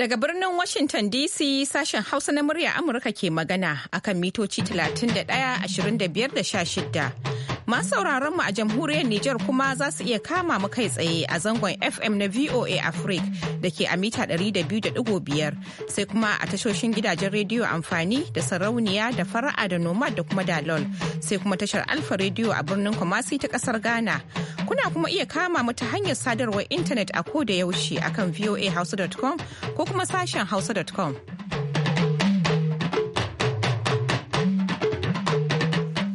Daga birnin Washington DC sashen Hausa na murya Amurka ke magana akan mitoci 31, 25 da Masu sauraron mu a jamhuriyar Nijar kuma za su iya kama mu kai tsaye a zangon FM na VOA Africa da ke a mita 200.5 sai kuma a tashoshin gidajen rediyo amfani da sarauniya da fara'a da nomad da kuma dalol sai kuma tashar Alfa rediyo a birnin Kumasi ta kasar Ghana. Kuna kuma iya kama mu ta hanyar sadarwar intanet a ko da yaushe akan voahausa.com ko kuma sashen hausa.com.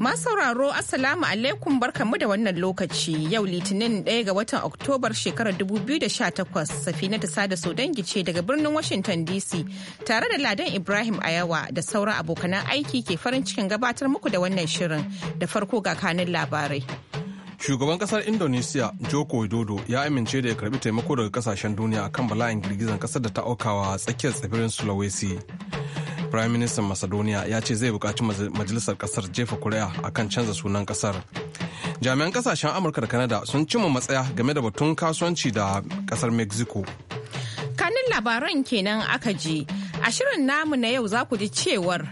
Masu sauraro Assalamu alaikum barkanmu da wannan lokaci yau litinin ɗaya ga watan Oktobar shekarar 2018 safina ta sada dangi ce daga birnin Washington DC tare da Ladan Ibrahim Ayawa da sauran abokanan aiki ke farin cikin gabatar muku da wannan shirin da farko ga kanin labarai. Shugaban kasar Indonesia Joko Widodo ya amince da ya karbi taimako daga kasashen duniya kan bala'in girgizan kasar da ta aukawa tsakiyar tsibirin Sulawesi. prime minister macedonia ya ce zai bukaci majalisar kasar jefa kuri'a akan canza sunan kasar jami'an kasashen amurka da Kanada sun cimma matsaya game da batun kasuwanci da kasar mexico kanin labaran kenan aka je, a shirin namu na yau za ku ji cewar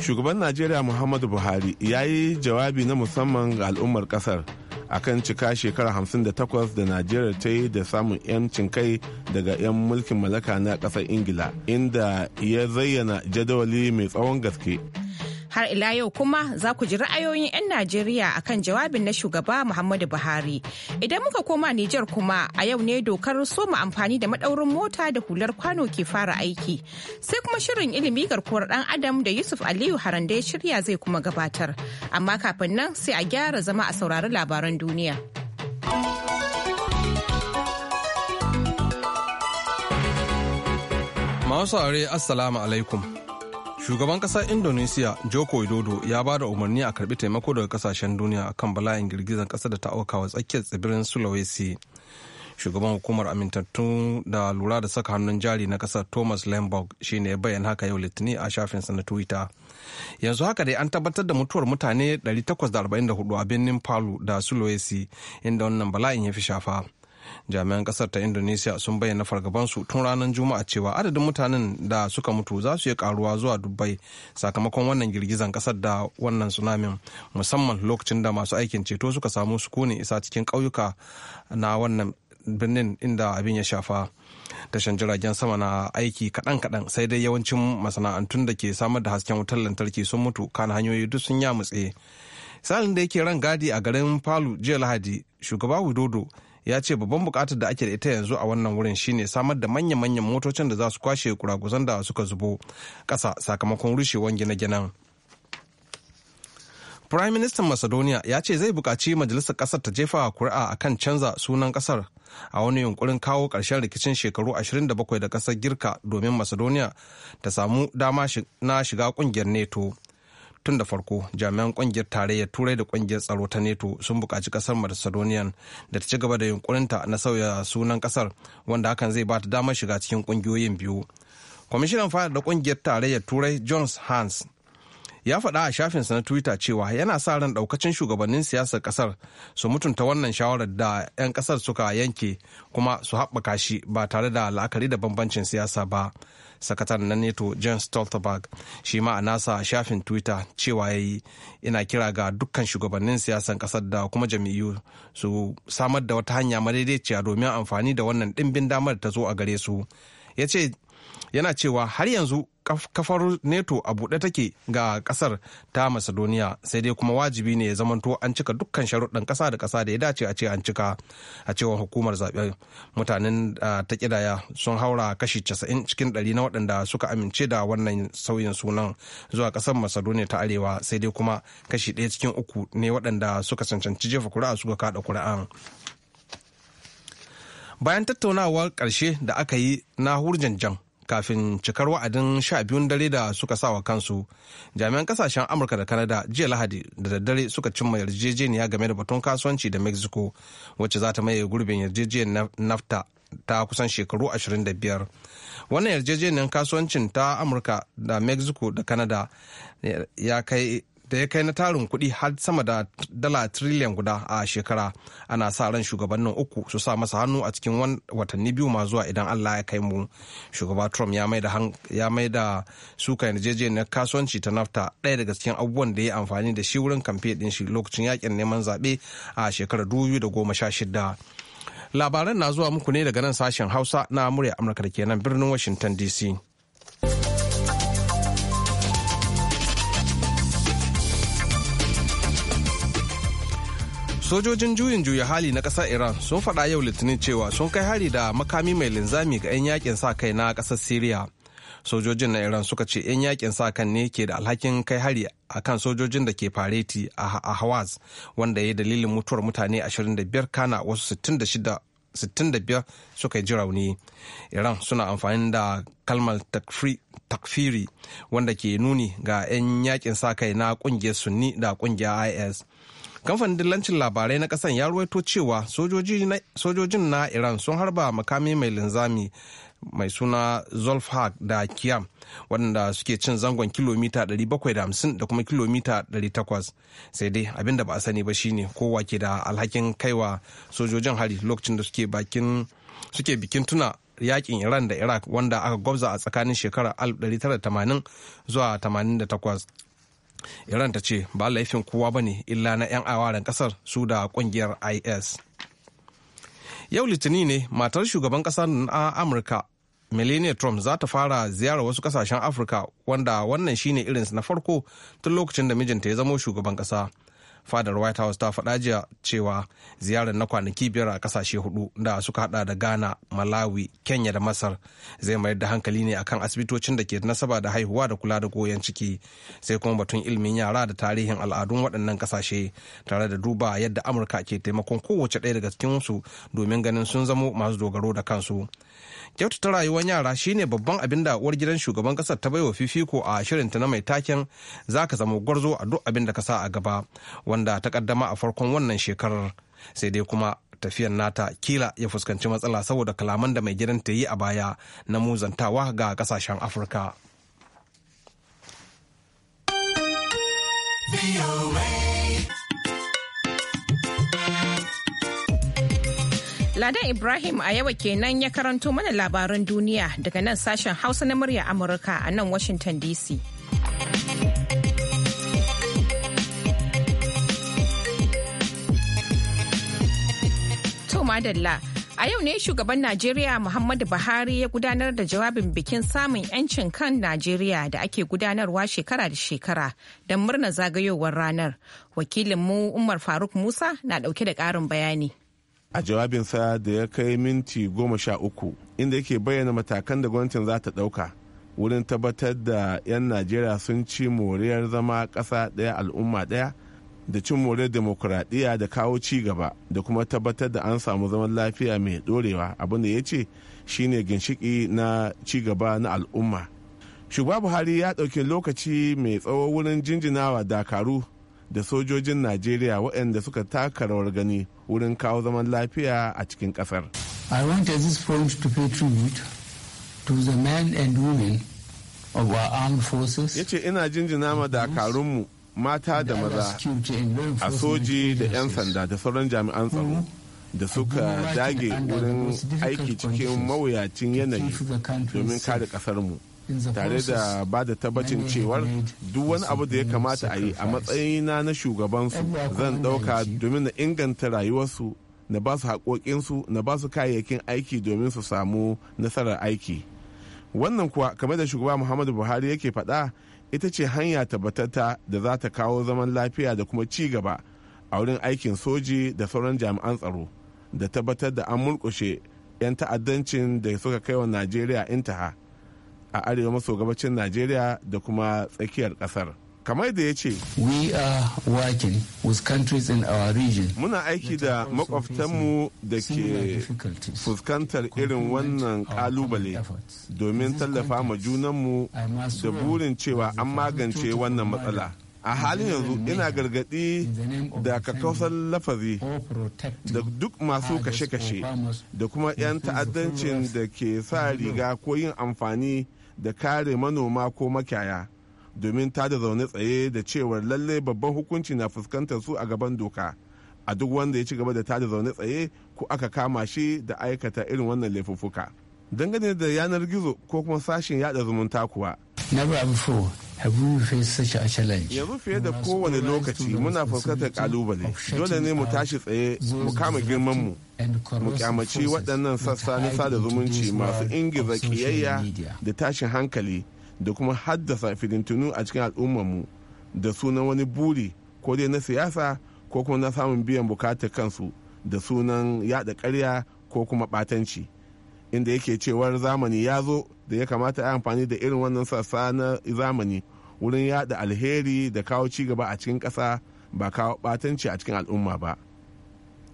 shugaban najeriya muhammadu buhari ya yi jawabi na musamman ga al'ummar kasar akan cika shekara hamsin da da najeriya ta yi da samun 'yancin kai daga 'yan mulkin mallaka na kasar ingila inda ya zayyana jadawali mai tsawon gaske Har ila yau kuma za ku ji ra'ayoyin 'yan Najeriya akan jawabin na shugaba Muhammadu Buhari. Idan muka koma Nijar kuma a yau ne dokar soma amfani da maɗaurin mota da hular kwano ke fara aiki. Sai kuma shirin ilimi garkuwar dan Adam da Yusuf Aliyu Harande ya shirya zai kuma gabatar. Amma kafin nan sai a gyara zama a saurari labaran duniya. Masu aure Assalamu alaikum. shugaban kasar Indonesia joko widodo ya ba da umarni a karbi taimako daga kasashen duniya kan bala'in girgizar kasar da ta auka wa tsakiyar tsibirin sulawesi shugaban hukumar amintattun da lura da saka hannun jari na kasar thomas lemberg shine ya bayyana haka yau litinin a shafinsa na twitter yanzu haka dai an tabbatar da mutuwar mutane 844 a birnin palu da sulawesi inda wannan bala'in ya fi shafa jami'an kasar ta indonesia sun bayyana fargabansu tun ranar juma'a cewa adadin mutanen da suka mutu za su yi karuwa zuwa dubbai sakamakon wannan girgizan kasar da wannan tsunamin musamman lokacin da masu aikin ceto suka samu sukunin isa cikin ƙauyuka na wannan birnin inda abin ya shafa tashan jiragen sama na aiki kaɗan-kaɗan sai dai yawancin masana'antun da ke samar da hasken wutar lantarki sun mutu kan hanyoyi duk sun yamutse salin da yake ran gadi a garin palu jiya lahadi shugaba widodo ya ce babban bukatar da ake da ita yanzu a wannan wurin shine samar da manya-manyan motocin da za su kwashe kuraguzan da suka zubo kasa sakamakon rushewar gine-ginen. Prime Minister Macedonia ya ce zai bukaci majalisar ƙasar ta jefa kuri'a a kan canza sunan ƙasar a wani yunkurin kawo ƙarshen rikicin shekaru 27 da ƙasar Girka domin Macedonia ta samu dama na shiga ƙungiyar neto. tun da farko jami'an kungiyar tarayyar turai da kungiyar tsaro ta neto sun buƙaci ƙasar macedonia da ta ci gaba da yunkurinta na sauya sunan ƙasar wanda hakan zai ba ta damar shiga cikin ƙungiyoyin biyu kwamishinan fada da kungiyar tarayyar turai jones hans ya faɗa a shafinsa na twitter cewa yana sa ran ɗaukacin shugabannin siyasar ƙasar su mutunta wannan shawarar da 'yan ƙasar suka yanke kuma su haɓaka shi ba tare da la'akari da bambancin siyasa ba sakataren na neto john stoltenberg shi ma a nasa shafin twitter cewa ya yi ina kira ga dukkan shugabannin siyasar ƙasar da kuma jam'iyyu su samar da wata hanya madaidaiciya domin amfani da wannan ɗimbin damar ta zo a gare su ya ce yana cewa har yanzu kafar neto a buɗe take ga ƙasar ta macedonia sai dai kuma wajibi ne ya zamanto an cika dukkan sharuɗan ƙasa da ƙasa da ya dace a ce an cika a cewar hukumar zaɓen mutanen ah, ta ƙidaya sun haura kashi 90 cikin 100 na waɗanda suka amince da wannan sauyin sunan zuwa ƙasar macedonia ta arewa sai dai kuma kashi ɗaya cikin uku ne waɗanda suka cancanci jefa kuri'a suka kaɗa kuri'an bayan tattaunawar ƙarshe da aka yi na hurjanjan kafin cikar wa'adin sha biyun dare da suka sa wa kansu jami'an kasashen amurka da kanada jiya lahadi da daddare suka cimma yarjejeniya game da batun kasuwanci da mexico wacce za ta maye gurbin yarjejeniyar nafta ta kusan shekaru 25 wannan yarjejeniyar kasuwancin ta amurka da mexico da canada ya kai da ya kai na tarin kuɗi har sama da dala triliyan guda a shekara ana sa ran shugabannin uku su sa masa hannu a cikin watanni biyu ma zuwa idan allah ya kai mu shugaba trump ya mai da suka yarjejeniyar kasuwanci ta nafta ɗaya daga cikin abubuwan da ya amfani da shi wurin kamfe ɗin shi lokacin yakin neman zaɓe a shekarar dubu da goma sha shida labaran na zuwa muku ne daga nan sashen hausa na murya amurka da kenan birnin washington dc sojojin juyin juya hali na ƙasar iran sun faɗa yau litinin cewa sun kai hari da makami mai linzami ga 'yan yakin sa kai na ƙasar syria sojojin na iran suka ce 'yan yakin sa kan ne ke da alhakin kai hari a kan sojojin da ke fareti a hawaz wanda ya dalilin mutuwar mutane 25 kana wasu 65 suka ji rauni iran suna amfani da kalmar takfiri wanda ke nuni ga 'yan yakin sa kai na kungiyar sunni da kungiyar is kamfanin dillancin labarai na kasan ya ruwaito cewa sojojin na iran sun harba makami mai linzami mai suna zolfhag da kiyam waɗanda suke cin zangon kilomita 750 da kuma kilomita 800 sai dai abin da ba a sani ba shine kowa ke da alhakin kaiwa sojojin hari lokacin da suke bakin suke bikin tuna yakin iran da iraq wanda aka gwabza a tsakanin shekarar 1980 zuwa 88 iran ta ce ba laifin kowa ba ne illa na 'yan awaren kasar su da kungiyar is yau litinin ne matar shugaban kasar na amurka melania trump za ta fara ziyarar wasu kasashen afirka wanda wannan shine irinsu na farko tun lokacin da mijinta ya zamo shugaban kasa fadar white house ta faɗa jiya cewa ziyarar na kwanaki biyar a ƙasashe hudu da suka hada da ghana malawi kenya da masar zai mayar da hankali ne akan asibitocin da ke nasaba da haihuwa da kula da goyon ciki sai kuma batun ilimin yara da tarihin al'adun waɗannan ƙasashe tare da duba yadda amurka ke taimakon kowace ɗaya daga cikin cikinsu domin ganin sun zamo masu dogaro da kansu kyautata rayuwar yara shine babban abin da uwar gidan shugaban kasar ta baiwa fifiko a shirinta na mai taken za ka zama gwarzo a duk abin da ka sa a gaba wanda ta kaddama a farkon wannan shekarar sai dai kuma tafiyan nata kila ya fuskanci matsala saboda kalaman da mai gidan ta yi a baya na muzantawa ga kasashen afirka. Ladan Ibrahim a yawa kenan ya karanto mana labaran duniya daga nan sashen Hausa na murya Amurka a nan Washington DC. To madalla. A yau ne shugaban Najeriya Muhammadu Buhari ya gudanar da jawabin bikin samun 'yancin kan Najeriya da ake gudanarwa shekara da shekara don murna zagayowar ranar. Wakilinmu Umar Faruk Musa na dauke da ƙarin bayani. a jawabinsa da ya kai minti goma sha uku inda yake bayyana matakan da gwamnatin za ta ɗauka wurin tabbatar da 'yan najeriya sun ci moriyar zama ƙasa ɗaya al'umma ɗaya da cin moriyar demokuraɗiyya da kawo ci gaba da kuma tabbatar da an samu zaman lafiya mai ɗorewa abin da ya ce shine ginshiki na ci gaba na al'umma shugaba buhari ya ɗauki lokaci mai tsawo wurin jinjinawa dakaru da sojojin najeriya waɗanda suka taka rawar gani wurin kawo zaman lafiya a cikin ƙasar. i want this point to pay tribute to the men and women of our armed forces ya ce ina jinjina ma dakarunmu mata da maza a soji da 'yan sanda da sauran jami'an tsaro da suka dage wurin aiki cikin mawuyacin yanayi domin kare kasarmu mu tare da ba da tabbacin cewar duk wani abu da ya kamata a yi a matsayina na shugabansu zan dauka domin na inganta rayuwarsu na ba su haƙoƙinsu na ba su kayayyakin aiki domin su samu nasarar aiki wannan kuwa kamar da shugaba muhammadu buhari yake faɗa ita ce hanya tabbatata da za ta kawo zaman lafiya da kuma ci gaba a wurin aikin soji da sauran jami'an tsaro da tabbatar da an murƙushe 'yan ta'addancin da suka kai wa najeriya intaha. a arewa maso gabacin najeriya da kuma tsakiyar kasar kamar da ya ce we are working with countries in our region muna aiki da makwabtanmu da ke fuskantar irin wannan kalubale domin tallafa ma junanmu da burin cewa an magance wannan matsala a halin yanzu ina gargadi da kakausar lafazi da duk masu kashe-kashe da kuma 'yan ta'addancin da ke sa riga ko yin amfani da kare manoma ko makyaya domin ta da zaune tsaye da cewar lalle babban hukunci na fuskantar su a gaban doka a duk wanda ya ci gaba da ta da zaune tsaye ko aka kama shi da aikata irin wannan laifuffuka dangane da yanar gizo ko kuma sashen yada zumunta kuwa. Never yanzu fiye da kowane lokaci muna fuskantar kalubale dole ne mu tashi tsaye mu kama girman mu mu kyamaci waɗannan sassa na sada zumunci masu ingiza kiyayya da tashin hankali da kuma haddasa fidintunu a cikin al'ummarmu da sunan wani buri ko dai na siyasa ko kuma na samun biyan bukatar kansu da sunan yada karya ko kuma batanci. inda yake cewar zamani ya zo da ya kamata a amfani da irin wannan sassa na zamani wurin yada alheri da kawo cigaba a cikin ƙasa ba kawo batanci a cikin al'umma ba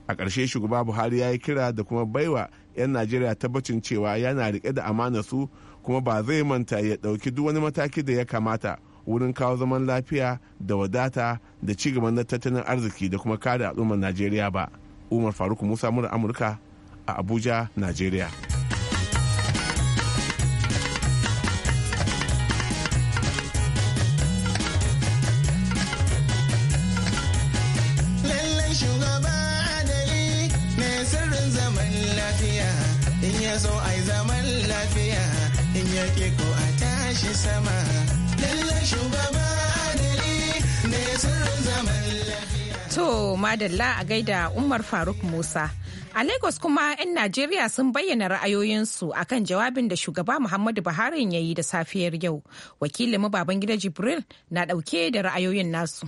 a ƙarshe shugaba buhari ya yi kira da kuma baiwa 'yan najeriya tabbacin cewa yana riƙe da amana su kuma ba zai manta ya ɗauki duk wani mataki da ya kamata wurin kawo zaman lafiya da wadata da ci gaban na tattalin arziki da kuma kare al'ummar najeriya ba umar faruk musa mura amurka a abuja najeriya ya zo zaman lafiya in tashi sama lallan shugaba to madalla a gaida umar faruk musa A Lagos kuma 'yan Najeriya sun bayyana ra'ayoyinsu akan jawabin da shugaba Muhammadu Buhari ya yi da safiyar yau. Wakilin mu Babangida Jibril na ɗauke da ra'ayoyin nasu.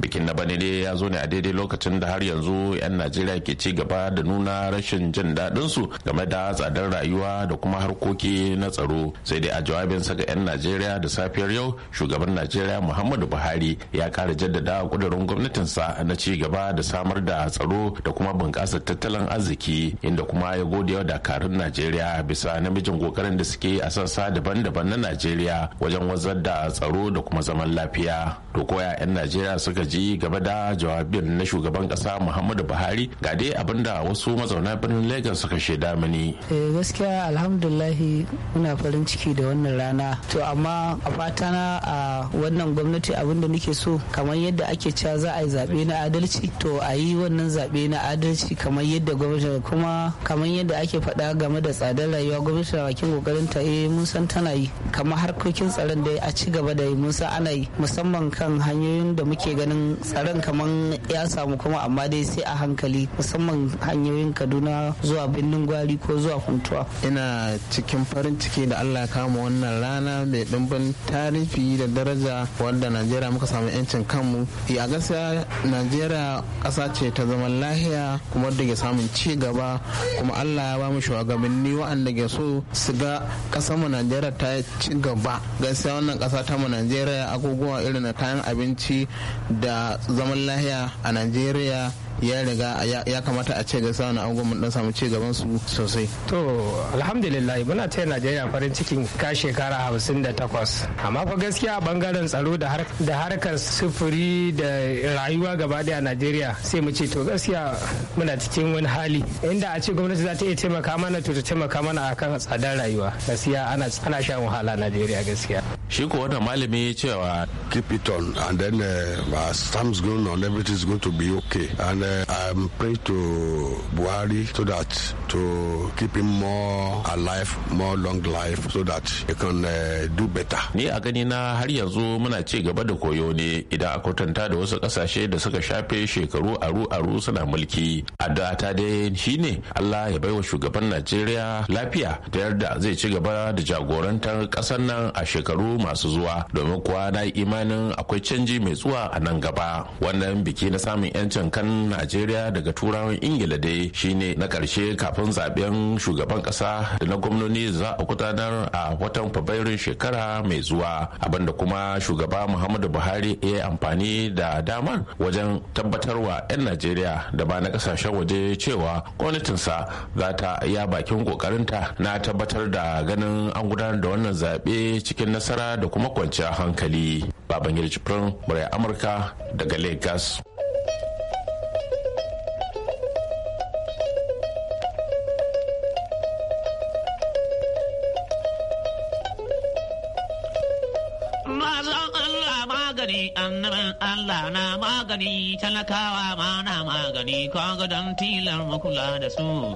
bikin na bane dai ya zo ne a daidai lokacin da har yanzu 'yan najeriya ke ci gaba da nuna rashin jin daɗin game da tsadar rayuwa da kuma harkoki na tsaro sai dai a jawabin saka 'yan najeriya da safiyar yau shugaban najeriya muhammadu buhari ya kara jaddada kudurin gwamnatinsa na ci gaba da samar da tsaro da kuma bunƙasar tattalin arziki inda kuma ya gode wa dakarun najeriya bisa namijin kokarin da suke a sassa daban-daban na najeriya wajen wazar da tsaro da kuma zaman lafiya to koya 'yan najeriya suka ji gaba da jawabin na shugaban kasa muhammadu buhari ga dai abinda wasu mazauna birnin lagos suka shaida mini eh, gaskiya alhamdulahi muna farin ciki da wannan rana to amma a fata na a wannan gwamnati abinda nake so kamar yadda ake cewa za a yi zaɓe na adalci to a yi wannan zaɓe na adalci kamar yadda gwamnati kuma kamar yadda ake faɗa game da tsadar rayuwa gwamnati na bakin kokarin ta eh mun san tana yi kamar harkokin tsaron da a ci gaba da yi mun san ana yi musamman kan hanyoyin da muke ganin ganin tsaron kamar ya samu kuma amma dai sai a hankali musamman hanyoyin kaduna zuwa birnin gwari ko zuwa kuntuwa ina cikin farin ciki da allah kama wannan rana mai dimbin tarihi da daraja wanda najeriya muka samu yancin kanmu eh, a gaskiya najeriya ƙasa ce ta zaman lahiya kuma da ke samun ci gaba kuma allah ya ba mu shugabanni waɗanda ke so su ga ƙasar mu najeriya ta ci gaba gaskiya wannan ƙasa ta mu najeriya agogowa irin na kayan abinci da zaman lahiya a najeriya ya riga ya kamata a ce ga sauna angon mun dan samu ci gaban su sosai to alhamdulillah muna taya najeriya farin cikin ka shekara hamsin da takwas amma fa gaskiya bangaren tsaro da harkar sufuri da rayuwa gaba daya a najeriya sai mu ce to gaskiya muna cikin wani hali inda a ce gwamnati za ta iya taimaka mana to ta taimaka mana kan tsadar rayuwa gaskiya ana ana shan wahala a najeriya gaskiya shi ko wannan malami ya cewa keep it on and then uh, uh, going on everything is going to be okay and uh, I'm pray to Buhari so that to keep him more alive, more long life so that he can uh, do better. Ni a gani na har yanzu muna ci gaba da koyo ne idan a kwatanta da wasu kasashe da suka shafe shekaru aru-aru suna mulki. A da, ta dai shi ne Allah ya baiwa shugaban Najeriya lafiya da yarda zai ci gaba da jagorantar kasar nan a shekaru masu zuwa domin kuwa na yi imanin akwai canji mai zuwa a nan gaba. Wannan biki na samun 'yancin kan najeriya daga turawan ingila dai shine na karshe kafin zaben shugaban kasa da na gwamnoni za a gudanar a watan fabrairun shekara mai zuwa abinda kuma shugaba muhammadu buhari ya amfani da damar wajen tabbatarwa 'yan najeriya da ba na kasashen waje cewa gwamnatinsa za ta ya bakin kokarinta na tabbatar da ganin an gudanar da wannan zaɓe cikin nasara da kuma kwanciyar hankali babangir cifrin murai amurka daga lagos annabin Allah na magani talakawa ma na magani kaga don tilar makula da su.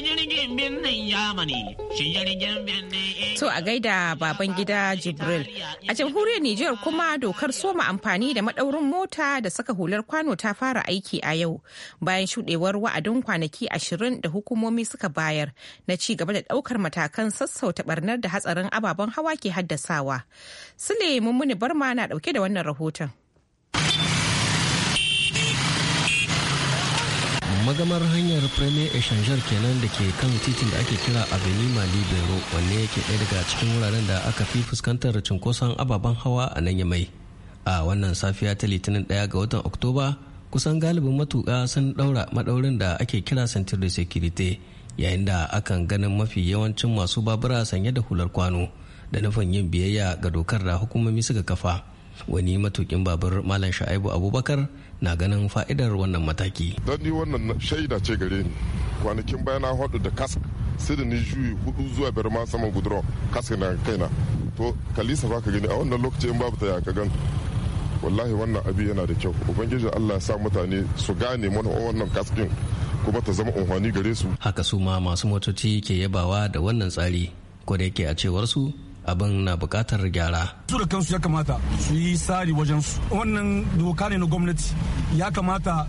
so To a gaida baban gida Jibril. A jamhuriyar Nijar kuma dokar soma amfani da maɗaurin mota da saka hular kwano ta fara aiki a yau bayan shuɗewar wa'adin kwanaki ashirin da hukumomi suka bayar na ci gaba da ɗaukar matakan sassauta barnar da hatsarin ababen hawa ke haddasawa. Sule Mummuni Barma na ɗauke da wannan rahoton. magamar hanyar premier exchanger kenan da ke kan titin da ake kira avenima libero wanne yake ɗaya daga cikin wuraren da aka fi fuskantar cunkoson ababen hawa a nan yamai a wannan safiya ta litinin ɗaya ga watan oktoba kusan galibin matuƙa sun ɗaura maɗaurin da ake kira sentir de securite yayin da akan ganin mafi yawancin masu babura sanye da hular kwano da nufin yin biyayya ga dokar da hukumomi suka kafa wani matukin babur malam sha'ibu abubakar na ganin fa'idar wannan mataki. Don ni wannan shaida ce gare ni kwanakin bayan na hudu da kask sai da ni juyi hudu zuwa biyar ma saman gudura kask na kaina to kalisa ba ka gani a wannan lokacin babu ta ya ka gan wallahi wannan abu yana da kyau ubangiji allah ya sa mutane su gane mana wannan kaskin kuma ta zama unhwani gare su haka su ma masu motoci ke yabawa da wannan tsari ko da yake a cewar su abin na bukatar gyara. Su da kansu ya kamata su yi tsari wajen su. Wannan doka ne na gwamnati ya kamata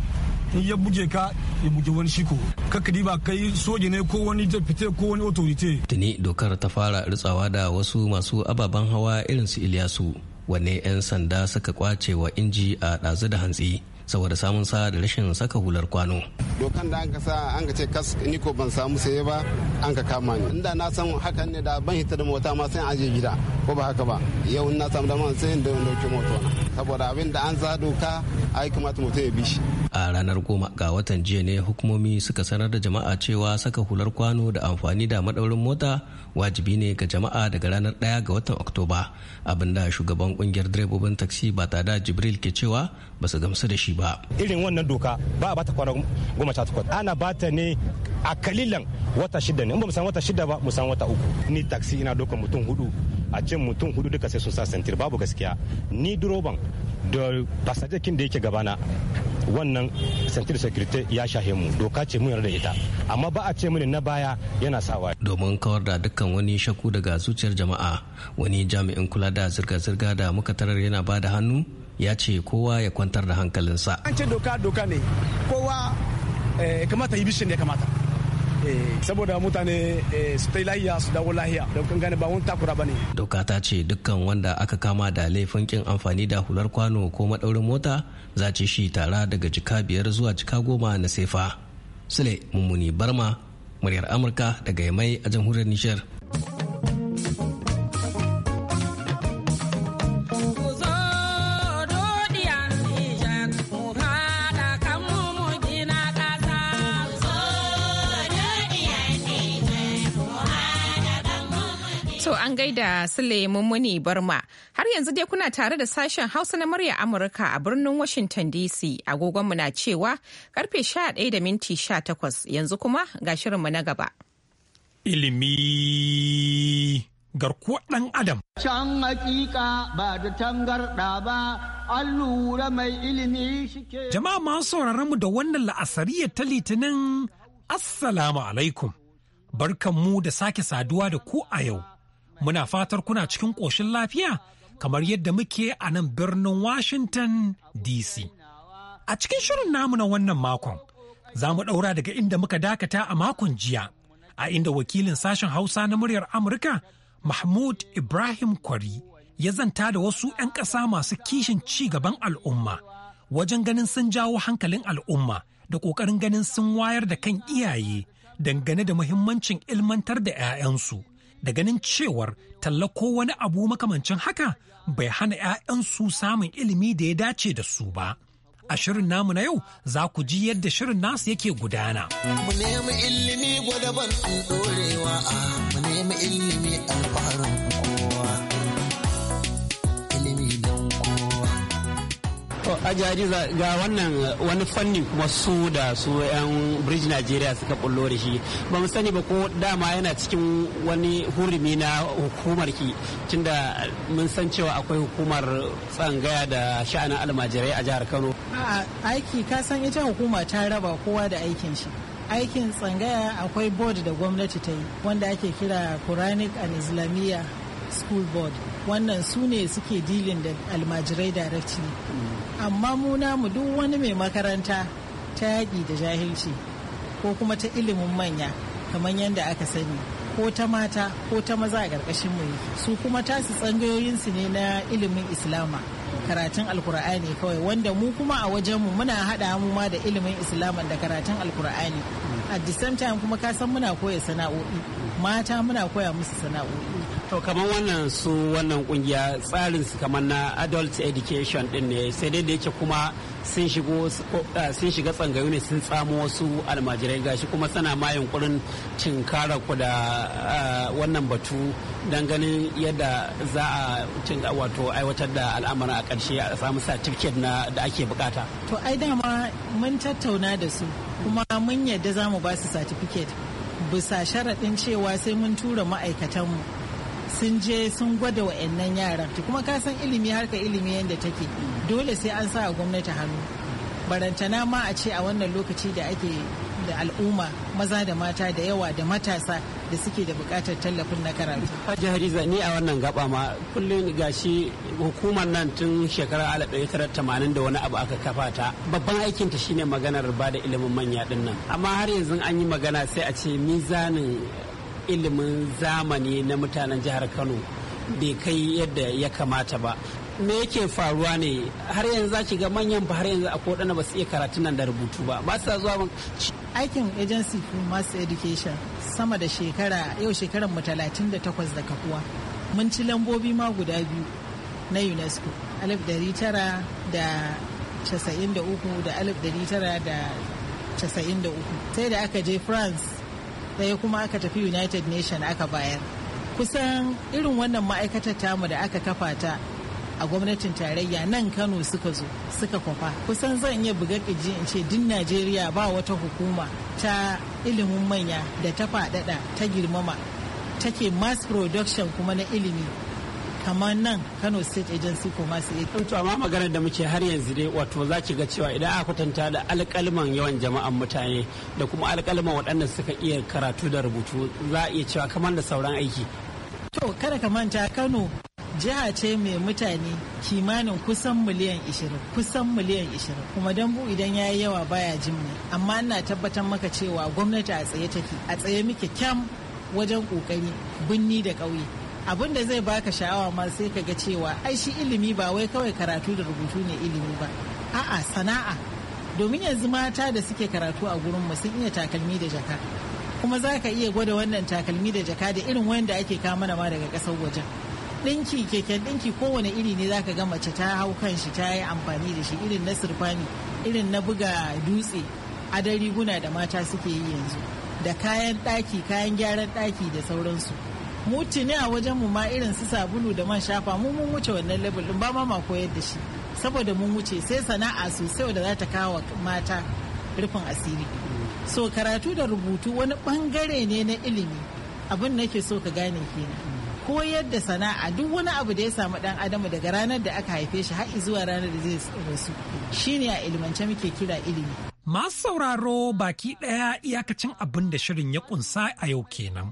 in ya buge ka ya buge wani shiko. Kakadi ba kai soja ne ko wani fite ko wani otorite. Tuni dokar ta fara ritsawa da wasu masu ababen hawa irin su Iliyasu. Wanne 'yan sanda suka kwace wa inji a ɗazu da hantsi. saboda samun sa da rashin saka hular kwano dokan da an ka sa an ka ce kas ni ko ban samu saye ba an ka kama ni inda na san hakan ne da ban hita da mota ma sai aje gida ko ba haka ba yau na samu dama sai in da dauke mota saboda abin da an za doka ai kamata mutum ya bi shi a ranar goma ga watan jiya ne hukumomi suka sanar da jama'a cewa saka hular kwano da amfani da madaurin mota wajibi ne ga jama'a daga ranar ɗaya ga watan oktoba abinda shugaban kungiyar direbobin taxi ba ta da jibril ke cewa ba su gamsu da shi ba irin wannan doka ba a bata kwana goma sha takwas ana bata ne a kalilan wata shida ne in ba mu san wata shida ba mu san wata uku ni taxi ina dokan mutum hudu a ce mutum hudu duka sai sun sa sentir babu gaskiya ni duroban da fasajakin da yake gabana wannan sentir security ya shahe mu doka ce mun yarda ita amma ba a ce mini na baya yana sawa domin kawar da dukkan wani shaku daga zuciyar jama'a wani jami'in kula da zirga-zirga da muka tarar yana ba da hannu ya ce kowa ya kwantar da hankalinsa an ce doka doka ne kowa eh, kamata yi bishin ya kamata Eh, saboda mutane eh, su ta lahiya su dawo lahiya don kan gane ba wani takura ba ne. Doka ta ce dukkan wanda aka kama da laifin kin amfani da hular kwano ko madaurin mota za ce shi tara daga jika biyar zuwa jika goma na sefa. Sule Mummuni Barma, muryar Amurka daga Yamai a jamhuriyar Nijar. masu Sule Mummuni Barma. Har yanzu dai kuna tare da sashen Hausa na murya Amurka a birnin Washington DC. mu na cewa karfe 11 da minti 18 yanzu kuma ga shirinmu na gaba. Ilimi garkuwar ɗan Adam. Can hakika ba da tangarɗa ba, an lura mai ilimi shike. Jama'a masu sauraron mu da wannan la'asariya ta litinin Assalamu alaikum. Barkan mu da sake saduwa da ku a yau. Muna fatar kuna cikin ƙoshin lafiya kamar yadda muke a nan birnin Washington DC. A cikin shirin namu na wannan makon, za mu ɗaura daga inda muka dakata a makon jiya, a inda wakilin sashen Hausa na muryar Amurka, Mahmud Ibrahim Kwari, ya zanta da wasu 'yan ƙasa masu kishin ci gaban al'umma, wajen ganin sun jawo hankalin al'umma da ƙoƙarin ganin sun wayar da kan iyaye dangane da muhimmancin ilmantar da 'ya'yansu da ganin cewar tallako wani abu makamancin haka bai hana 'ya'yansu samun ilimi da ya dace da su ba. A shirin namu na yau za ku ji yadda shirin nasu yake gudana. Mu nemi ilimi ban alɗorewa, mu nemi ilimi alfarin To Hadiza ga wannan wani fanni kuma su da su 'yan Bridge Nigeria suka bullo da shi. Ba mu sani ba ko dama yana cikin wani hurumi na hukumar ki tunda mun san cewa akwai hukumar tsangaya da sha'anin almajirai a jihar Kano. aiki ka san ita hukuma ta raba kowa da aikin shi. Aikin tsangaya akwai board da gwamnati ta yi wanda ake kira Quranic and Islamiyya School Board. wannan su ne suke dilin da almajirai directly amma mu namu duk wani mai makaranta ta yaƙi da jahilci ko kuma ta ilimin manya kamar yadda aka sani ko ta mata ko ta maza a ƙarƙashin mu su kuma tasu tsangayoyinsu ne na ilimin islama karatun alkur'ani kawai wanda mu kuma a wajenmu muna haɗa mu ma da ilimin islaman da karatun alkur'ani at the time kuma ka san muna koya sana'o'i mata muna koya musu sana'o'i to kamar wannan su wannan kungiya tsarin su kamar na adult education din ne sai dai da yake kuma sun eh, shiga tsangayu ne sun tsamo wasu almajirai gashi kuma suna ma yunkurin kara ku da eh, wannan batu don ganin yadda za a cin wato aiwatar da al'amarin a ƙarshe a samu certificate na da ake bukata to ai dama mun tattauna da su kuma mun yadda za mu ba su certificate bisa sharaɗin cewa sai mun tura ma'aikatanmu sun je sun gwada wa'annan yaran ta kuma ka san ilimi harka ilimi yadda take dole sai an sa a gwamnati hannu barantana ma a ce a wannan lokaci da ake da al'umma maza da mata da yawa da matasa da suke da bukatar tallafin na karatu. Hajji Hadiza ni a wannan gaba ma kullum gashi hukumar nan tun shekarar 1980 da wani abu aka kafa ta babban aikin ta shine maganar ba da ilimin manya din nan amma har yanzu an yi magana sai a ce mizanin ilimin zamani na mutanen jihar kano bai kai yadda ya kamata ba me yake faruwa ne har yanzu za ki ga manyan ba har yanzu a kodana ba su iya karatu nan da rubutu ba ba sa zuwa aikin agency for mass education sama da shekara yau shekaran mu 38 da kafuwa mun ci lambobi ma guda biyu na unesco 1993 da 1993 sai da aka je france ɗaya kuma aka tafi united nation aka bayar kusan irin wannan ma'aikatar tamu da aka kafa ta a gwamnatin tarayya nan kano suka zo suka kwafa kusan zan iya buga kiji in ce duk najeriya ba wata hukuma ta ilimin manya da ta faɗaɗa ta girmama take mass production kuma na ilimi kamar nan Kano State Agency ko masu Aid. To amma maganar da muke har yanzu dai wato za ki ga cewa idan aka kwatanta da alkalman yawan jama'an mutane da kuma alkalman waɗanda suka iya karatu da rubutu za a iya cewa kamar da sauran aiki. To kada ka manta Kano jiha ce mai mutane kimanin kusan miliyan 20 kusan miliyan 20 kuma dambu idan ya yi yawa baya jimmi amma ina tabbatar maka cewa gwamnati a tsaye take a tsaye muke kyam wajen kokari binni da ƙauye abin da zai baka sha'awa ma sai ka ga cewa ai shi ilimi ba wai kawai karatu da rubutu ne ilimi ba a'a sana'a domin yanzu mata da suke karatu a gurin mu sun iya takalmi da jaka kuma za ka iya gwada wannan takalmi da jaka da irin wanda ake kama da ma daga ƙasar wajen ɗinki keken ɗinki kowane iri ne zaka ga mace ta hau kan shi ta yi amfani da shi irin na sirfani irin na buga dutse a adon riguna da mata suke yi yanzu da kayan ɗaki kayan gyaran ɗaki da sauransu mu ne a wajen mu ma irin su sabulu da man shafa mu mun wuce wannan level din ba ma ma koyar da shi saboda mun wuce sai sana'a sosai da za ta kawo mata rufin asiri so karatu da rubutu wani bangare ne na ilimi abin nake so ka gane kenan koyar da sana'a duk wani abu da ya samu dan adamu daga ranar da aka haife shi har zuwa ranar da zai rasu shine a ilimance muke kira ilimi masu sauraro baki daya iyakacin abin da shirin ya kunsa a yau kenan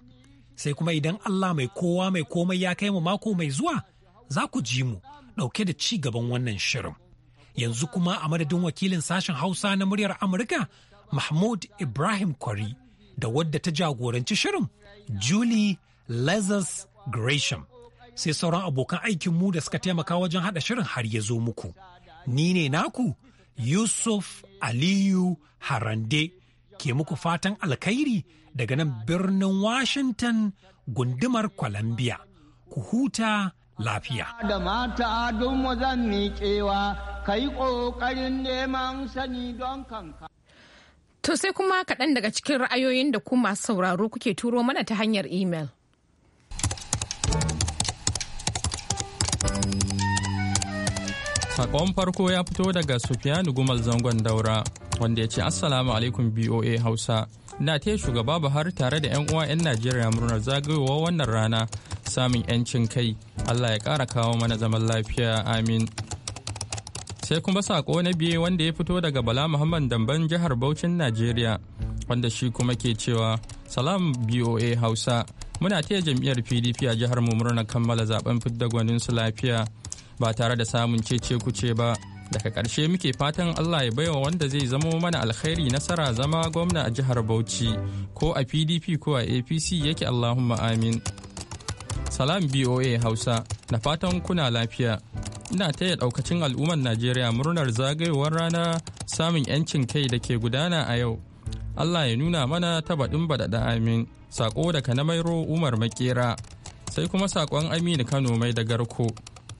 sai kuma idan Allah mai kowa mai komai ya kai mu mako mai zuwa za ku ji mu ɗauke da ci gaban wannan shirin. Yanzu kuma a madadin wakilin sashen Hausa na muryar Amurka, Mahmud Ibrahim Kwari, da wadda ta jagoranci shirin, Julie Lazarus Gresham. Sai sauran abokan aikin mu da suka taimaka wajen haɗa shirin har ya zo muku. Ni ne naku, Yusuf Aliyu Harande. ke muku fatan alkhairi daga nan birnin Washington gundumar Columbia. Ku huta lafiya. Da mata don zan miƙewa, ka yi ƙoƙarin neman sani don kanka. To sai kuma kaɗan daga cikin ra'ayoyin da ku masu sauraro kuke turo mana ta hanyar imel. Sakon farko ya fito daga Sufiyanu Gumal Zangon Daura. wanda ya ce assalamu alaikum boa hausa na taya shugaba buhari tare da 'yan uwa 'yan najeriya murnar zagayowa wannan rana samun 'yancin kai allah ya kara kawo mana zaman lafiya amin sai kuma sako na biye wanda ya fito daga bala muhammad damban jihar Bauchin najeriya wanda shi kuma ke cewa salam boa hausa muna taya jam'iyyar pdp a jihar mu murnar kammala zaben fidda gwanin su lafiya ba tare da samun cece kuce ba daga ƙarshe muke fatan allah ya baiwa wanda zai zamo mana alkhairi nasara zama gwamna a jihar bauchi ko a pdp ko a apc yake allahumma amin salam boa hausa na fatan kuna lafiya ina taya ɗaukacin al'ummar najeriya murnar zagayowar rana samun 'yancin kai da ke gudana a yau allah ya nuna mana ta baɗin baɗaɗa amin Saƙo daga na mairo umar makera sai kuma sakon aminu kano mai da garko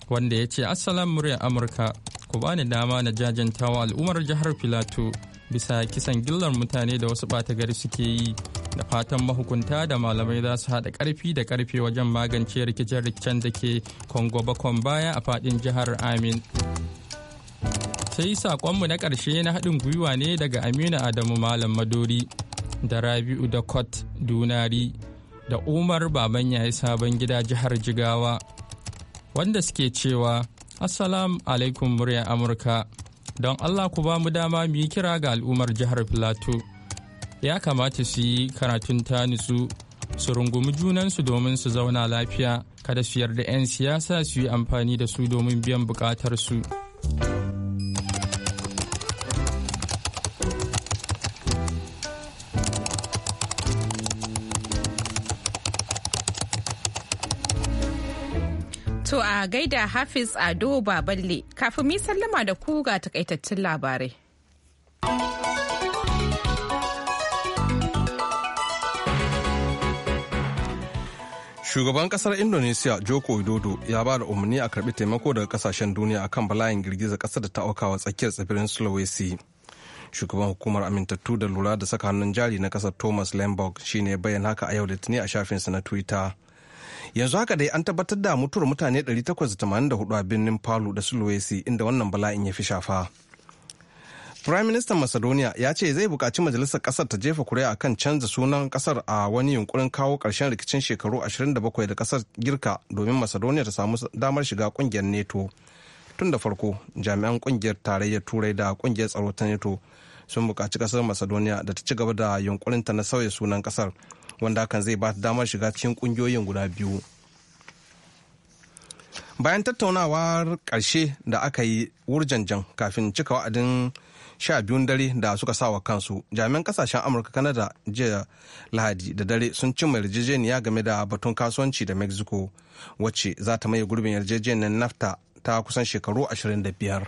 wanda ya ce assalamu murya amurka ku bani dama na jajantawa al'ummar jihar filato bisa kisan gillar mutane da wasu ɓata gari suke yi da fatan mahukunta da malamai za su haɗa ƙarfi da ƙarfe wajen magance rikice-rikicen da ke kongo bakon baya a faɗin jihar amin sai saƙonmu na ƙarshe na haɗin gwiwa ne daga aminu adamu malam madori da rabi'u da kot dunari da umar baban yayi sabon gida jihar jigawa wanda suke cewa Assalamu alaikum muryar Amurka. Don Allah ku ba mu dama mu yi kira ga al'ummar jihar Filato. Ya kamata su yi karatun ta nutsu, su rungumi junansu domin su zauna lafiya, kada su yarda 'yan siyasa su yi amfani da su domin biyan bukatarsu. su. a gaida Hafiz Ado Baballe kafin mi sallama da ku ga takaitattun labarai. Shugaban kasar Indonesia Joko Widodo ya ba da umarni a karbi taimako daga kasashen duniya akan bala'in girgiza kasar da ta aukawa tsakiyar tsibirin Sulawesi. Shugaban hukumar amintattu da lura da saka hannun jari na kasar Thomas Lemberg shine bayan haka a yau da tuni a shafinsa na Twitter. yanzu haka dai an tabbatar da mutuwar mutane 884 a birnin palu da sulawesi inda wannan bala'in ya fi shafa Prime Minister Macedonia ya ce zai bukaci majalisar ƙasar ta jefa kuri'a kan canza sunan kasar a wani yunkurin kawo karshen rikicin shekaru 27 da kasar girka domin Macedonia ta samu damar shiga kungiyar neto Tun da farko, jami'an ƙungiyar tarayyar Turai da kungiyar tsaro ta neto sun bukaci kasar Macedonia da ta ci gaba da yunkurinta na sauya sunan ƙasar. wanda hakan zai ba ta damar shiga cikin kungiyoyin guda biyu bayan tattaunawar ƙarshe da aka yi wurjanjan kafin cika wa'adin sha biyun dare da suka sa wa kansu jami'an kasashen amurka kanada jiya lahadi da dare sun cimma yarjejeniya game da batun kasuwanci da mexico wacce za ta maye gurbin yarjejeniyar nafta ta kusan shekaru 25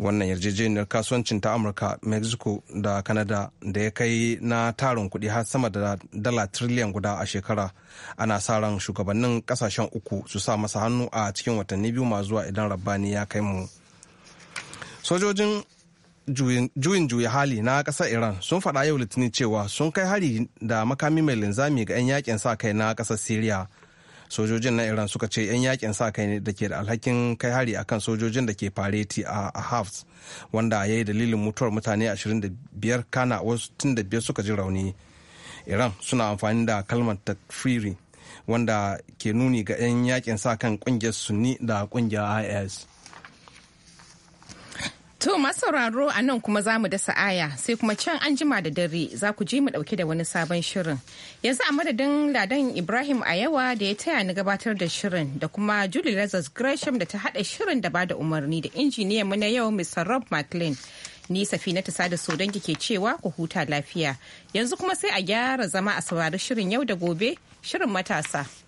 wannan yarjejeniyar kasuwancin ta amurka mexico da canada da ya kai na tarin kudi har sama da dala triliyan guda a shekara ana sa ran shugabannin kasashen uku su sa masa hannu a cikin watanni biyu ma zuwa idan rabbani ya kai mu sojojin juyin juya hali na ƙasar iran sun faɗa yau litinin cewa sun kai hari da makami mai linzami ga 'yan yakin sa kai na ƙasar syria sojojin na iran suka ce 'yan yakin sa kai ne da ke da alhakin kai hari akan sojojin da ke fareti a hafs wanda ya yi dalilin mutuwar mutane 25 kana wasu biyar suka ji rauni iran suna amfani da kalmar takfiri wanda ke nuni ga 'yan yakin sa kan kungiyar sunni da kungiyar is To masauraro a nan kuma za mu da sa'aya sai kuma can an jima da dare za ku ji mu dauke da wani sabon shirin. Yanzu a madadin Ladan Ibrahim a yawa da ya taya ni gabatar da shirin da kuma Julie Lazarus Gresham da ta haɗa shirin da ba da umarni da injiniyan mu na yau Mr. Rob McLean. Ni na ta sada sodan ke cewa ku huta lafiya. Yanzu kuma sai a gyara zama a saurari shirin yau da gobe shirin matasa.